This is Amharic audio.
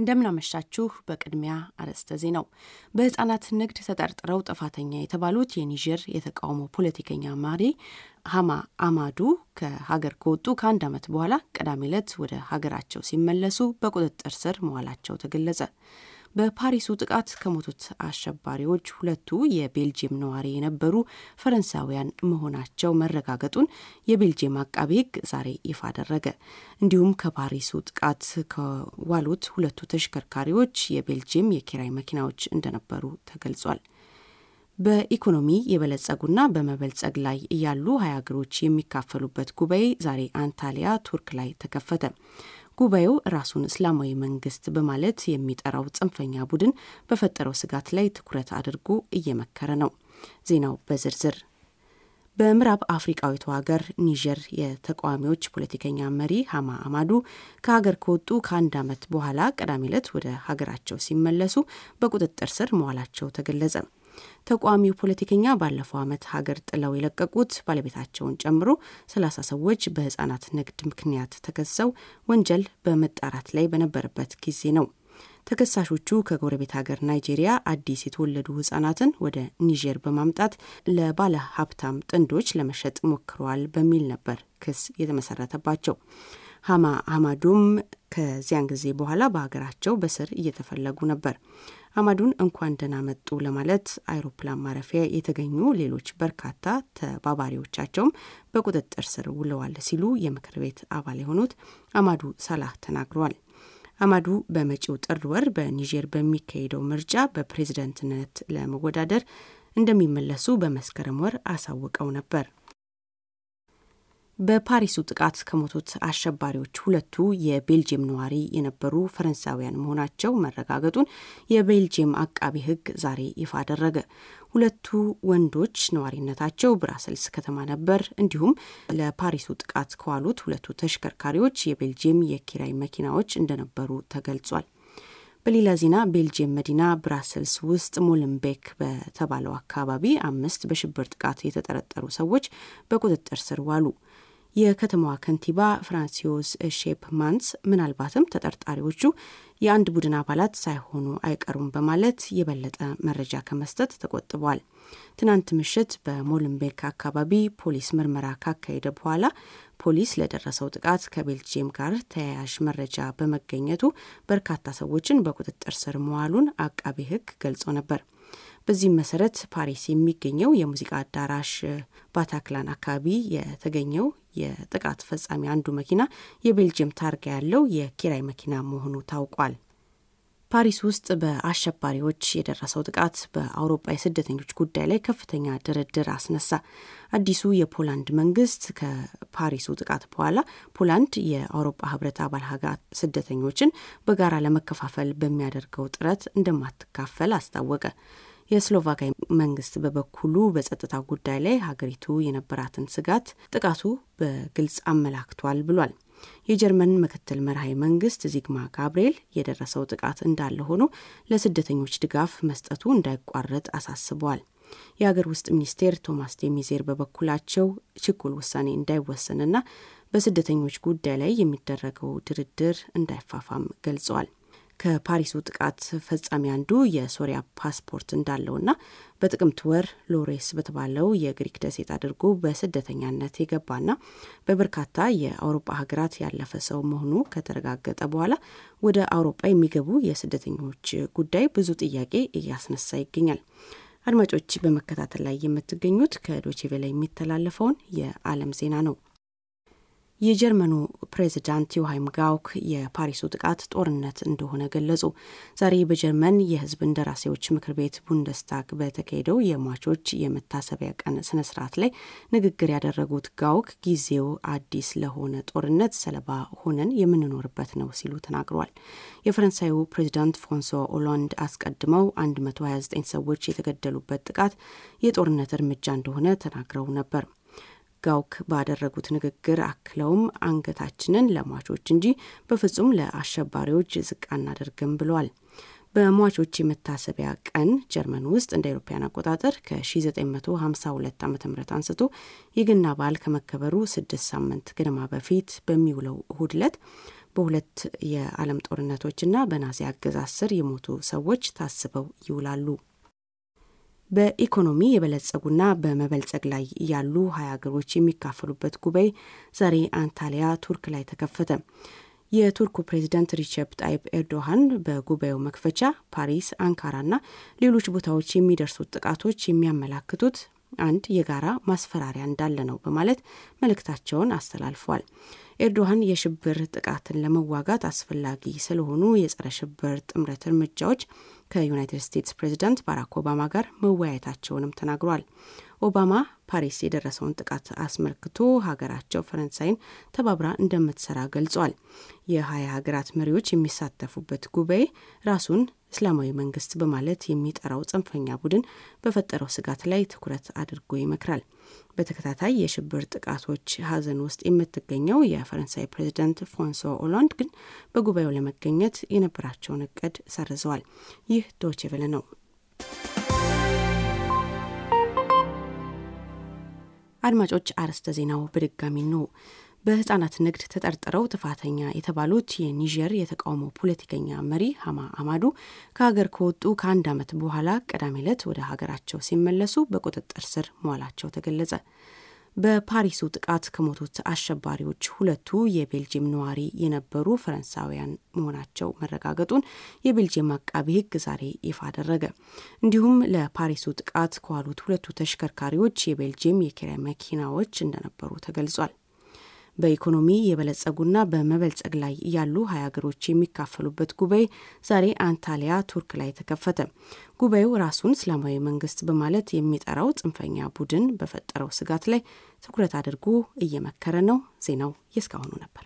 እንደምናመሻችሁ። በቅድሚያ አርዕስተ ዜናው በህጻናት ንግድ ተጠርጥረው ጥፋተኛ የተባሉት የኒጀር የተቃውሞ ፖለቲከኛ ማሪ ሀማ አማዱ ከሀገር ከወጡ ከአንድ ዓመት በኋላ ቅዳሜ ዕለት ወደ ሀገራቸው ሲመለሱ በቁጥጥር ስር መዋላቸው ተገለጸ። በፓሪሱ ጥቃት ከሞቱት አሸባሪዎች ሁለቱ የቤልጅየም ነዋሪ የነበሩ ፈረንሳውያን መሆናቸው መረጋገጡን የቤልጅየም አቃቤ ሕግ ዛሬ ይፋ አደረገ። እንዲሁም ከፓሪሱ ጥቃት ከዋሉት ሁለቱ ተሽከርካሪዎች የቤልጅየም የኪራይ መኪናዎች እንደነበሩ ተገልጿል። በኢኮኖሚ የበለጸጉና በመበልጸግ ላይ ያሉ ሀያ ሀገሮች የሚካፈሉበት ጉባኤ ዛሬ አንታሊያ ቱርክ ላይ ተከፈተ። ጉባኤው ራሱን እስላማዊ መንግስት በማለት የሚጠራው ጽንፈኛ ቡድን በፈጠረው ስጋት ላይ ትኩረት አድርጎ እየመከረ ነው። ዜናው በዝርዝር በምዕራብ አፍሪቃዊቱ ሀገር ኒጀር የተቃዋሚዎች ፖለቲከኛ መሪ ሀማ አማዱ ከሀገር ከወጡ ከአንድ ዓመት በኋላ ቅዳሜ ዕለት ወደ ሀገራቸው ሲመለሱ በቁጥጥር ስር መዋላቸው ተገለጸ። ተቋሚው ፖለቲከኛ ባለፈው ዓመት ሀገር ጥለው የለቀቁት ባለቤታቸውን ጨምሮ ሰላሳ ሰዎች በህጻናት ንግድ ምክንያት ተከሰው ወንጀል በመጣራት ላይ በነበረበት ጊዜ ነው። ተከሳሾቹ ከጎረቤት ሀገር ናይጄሪያ አዲስ የተወለዱ ህጻናትን ወደ ኒጀር በማምጣት ለባለ ሀብታም ጥንዶች ለመሸጥ ሞክረዋል በሚል ነበር ክስ የተመሰረተባቸው። ሀማ አማዱም ከዚያን ጊዜ በኋላ በሀገራቸው በስር እየተፈለጉ ነበር። አማዱን እንኳን ደህና መጡ ለማለት አይሮፕላን ማረፊያ የተገኙ ሌሎች በርካታ ተባባሪዎቻቸውም በቁጥጥር ስር ውለዋል ሲሉ የምክር ቤት አባል የሆኑት አማዱ ሰላህ ተናግረዋል። አማዱ በመጪው ጥር ወር በኒጀር በሚካሄደው ምርጫ በፕሬዝደንትነት ለመወዳደር እንደሚመለሱ በመስከረም ወር አሳውቀው ነበር። በፓሪሱ ጥቃት ከሞቱት አሸባሪዎች ሁለቱ የቤልጅየም ነዋሪ የነበሩ ፈረንሳውያን መሆናቸው መረጋገጡን የቤልጅየም አቃቢ ሕግ ዛሬ ይፋ አደረገ። ሁለቱ ወንዶች ነዋሪነታቸው ብራሰልስ ከተማ ነበር። እንዲሁም ለፓሪሱ ጥቃት ከዋሉት ሁለቱ ተሽከርካሪዎች የቤልጅየም የኪራይ መኪናዎች እንደነበሩ ተገልጿል። በሌላ ዜና ቤልጅየም መዲና ብራሰልስ ውስጥ ሞለንቤክ በተባለው አካባቢ አምስት በሽብር ጥቃት የተጠረጠሩ ሰዎች በቁጥጥር ስር ዋሉ። የከተማዋ ከንቲባ ፍራንሲዮስ ሼፕ ማንስ ምናልባትም ተጠርጣሪዎቹ የአንድ ቡድን አባላት ሳይሆኑ አይቀሩም በማለት የበለጠ መረጃ ከመስጠት ተቆጥቧል። ትናንት ምሽት በሞለንቤክ አካባቢ ፖሊስ ምርመራ ካካሄደ በኋላ ፖሊስ ለደረሰው ጥቃት ከቤልጅየም ጋር ተያያዥ መረጃ በመገኘቱ በርካታ ሰዎችን በቁጥጥር ስር መዋሉን አቃቤ ሕግ ገልጾ ነበር። በዚህም መሰረት ፓሪስ የሚገኘው የሙዚቃ አዳራሽ ባታክላን አካባቢ የተገኘው የጥቃት ፈጻሚ አንዱ መኪና የቤልጅየም ታርጋ ያለው የኪራይ መኪና መሆኑ ታውቋል። ፓሪስ ውስጥ በአሸባሪዎች የደረሰው ጥቃት በአውሮፓ የስደተኞች ጉዳይ ላይ ከፍተኛ ድርድር አስነሳ። አዲሱ የፖላንድ መንግስት ከፓሪሱ ጥቃት በኋላ ፖላንድ የአውሮፓ ህብረት አባል ሀገራት ስደተኞችን በጋራ ለመከፋፈል በሚያደርገው ጥረት እንደማትካፈል አስታወቀ። የስሎቫኪያ መንግስት በበኩሉ በጸጥታ ጉዳይ ላይ ሀገሪቱ የነበራትን ስጋት ጥቃቱ በግልጽ አመላክቷል ብሏል። የጀርመን ምክትል መርሃዊ መንግስት ዚግማ ጋብርኤል የደረሰው ጥቃት እንዳለ ሆኖ ለስደተኞች ድጋፍ መስጠቱ እንዳይቋረጥ አሳስበዋል። የሀገር ውስጥ ሚኒስቴር ቶማስ ዴሚዜር በበኩላቸው ችኩል ውሳኔ እንዳይወሰንና በስደተኞች ጉዳይ ላይ የሚደረገው ድርድር እንዳይፋፋም ገልጸዋል። ከፓሪሱ ጥቃት ፈጻሚ አንዱ የሶሪያ ፓስፖርት እንዳለውና በጥቅምት ወር ሎሬስ በተባለው የግሪክ ደሴት አድርጎ በስደተኛነት የገባና በበርካታ የአውሮፓ ሀገራት ያለፈ ሰው መሆኑ ከተረጋገጠ በኋላ ወደ አውሮፓ የሚገቡ የስደተኞች ጉዳይ ብዙ ጥያቄ እያስነሳ ይገኛል። አድማጮች በመከታተል ላይ የምትገኙት ከዶቼቬላ የሚተላለፈውን የዓለም ዜና ነው። የጀርመኑ ፕሬዚዳንት ዮሃይም ጋውክ የፓሪሱ ጥቃት ጦርነት እንደሆነ ገለጹ። ዛሬ በጀርመን የህዝብ እንደራሴዎች ምክር ቤት ቡንደስታግ በተካሄደው የሟቾች የመታሰቢያ ቀን ስነ ስርዓት ላይ ንግግር ያደረጉት ጋውክ ጊዜው አዲስ ለሆነ ጦርነት ሰለባ ሆነን የምንኖርበት ነው ሲሉ ተናግረዋል። የፈረንሳዩ ፕሬዚዳንት ፍራንሷ ኦላንድ አስቀድመው 129 ሰዎች የተገደሉበት ጥቃት የጦርነት እርምጃ እንደሆነ ተናግረው ነበር። ጋውክ ባደረጉት ንግግር አክለውም አንገታችንን ለሟቾች እንጂ በፍጹም ለአሸባሪዎች ዝቅ አናደርግም ብለዋል። በሟቾች የመታሰቢያ ቀን ጀርመን ውስጥ እንደ አውሮፓውያን አቆጣጠር ከ1952 ዓ ም አንስቶ የገና በዓል ከመከበሩ ስድስት ሳምንት ገደማ በፊት በሚውለው እሁድ ዕለት በሁለት የዓለም ጦርነቶችና በናዚ አገዛዝ ስር የሞቱ ሰዎች ታስበው ይውላሉ። በኢኮኖሚ የበለጸጉና በመበልጸግ ላይ ያሉ ሀያ ሀገሮች የሚካፈሉበት ጉባኤ ዛሬ አንታሊያ ቱርክ ላይ ተከፈተ። የቱርኩ ፕሬዚዳንት ሪቸፕ ጣይብ ኤርዶሃን በጉባኤው መክፈቻ ፓሪስ፣ አንካራና ሌሎች ቦታዎች የሚደርሱት ጥቃቶች የሚያመላክቱት አንድ የጋራ ማስፈራሪያ እንዳለ ነው በማለት መልእክታቸውን አስተላልፏል። ኤርዶሃን የሽብር ጥቃትን ለመዋጋት አስፈላጊ ስለሆኑ የጸረ ሽብር ጥምረት እርምጃዎች ከዩናይትድ ስቴትስ ፕሬዚዳንት ባራክ ኦባማ ጋር መወያየታቸውንም ተናግሯል። ኦባማ ፓሪስ የደረሰውን ጥቃት አስመልክቶ ሀገራቸው ፈረንሳይን ተባብራ እንደምትሰራ ገልጿል። የሀያ ሀገራት መሪዎች የሚሳተፉበት ጉባኤ ራሱን እስላማዊ መንግስት በማለት የሚጠራው ጽንፈኛ ቡድን በፈጠረው ስጋት ላይ ትኩረት አድርጎ ይመክራል። በተከታታይ የሽብር ጥቃቶች ሀዘን ውስጥ የምትገኘው የፈረንሳይ ፕሬዚደንት ፍራንሷ ኦላንድ ግን በጉባኤው ለመገኘት የነበራቸውን እቅድ ሰርዘዋል። ይህ ዶቼ ቬለ ነው። አድማጮች፣ አርዕስተ ዜናው በድጋሚ ነው። በህጻናት ንግድ ተጠርጥረው ጥፋተኛ የተባሉት የኒጀር የተቃውሞ ፖለቲከኛ መሪ ሀማ አማዱ ከሀገር ከወጡ ከአንድ ዓመት በኋላ ቅዳሜ ዕለት ወደ ሀገራቸው ሲመለሱ በቁጥጥር ስር መዋላቸው ተገለጸ። በፓሪሱ ጥቃት ከሞቱት አሸባሪዎች ሁለቱ የቤልጅየም ነዋሪ የነበሩ ፈረንሳውያን መሆናቸው መረጋገጡን የቤልጅየም አቃቢ ሕግ ዛሬ ይፋ አደረገ። እንዲሁም ለፓሪሱ ጥቃት ከዋሉት ሁለቱ ተሽከርካሪዎች የቤልጅየም የኪራይ መኪናዎች እንደነበሩ ተገልጿል። በኢኮኖሚ የበለጸጉና በመበልጸግ ላይ ያሉ ሀያ ሀገሮች የሚካፈሉበት ጉባኤ ዛሬ አንታሊያ ቱርክ ላይ ተከፈተ። ጉባኤው ራሱን እስላማዊ መንግስት በማለት የሚጠራው ጽንፈኛ ቡድን በፈጠረው ስጋት ላይ ትኩረት አድርጎ እየመከረ ነው። ዜናው የእስካሁኑ ነበር።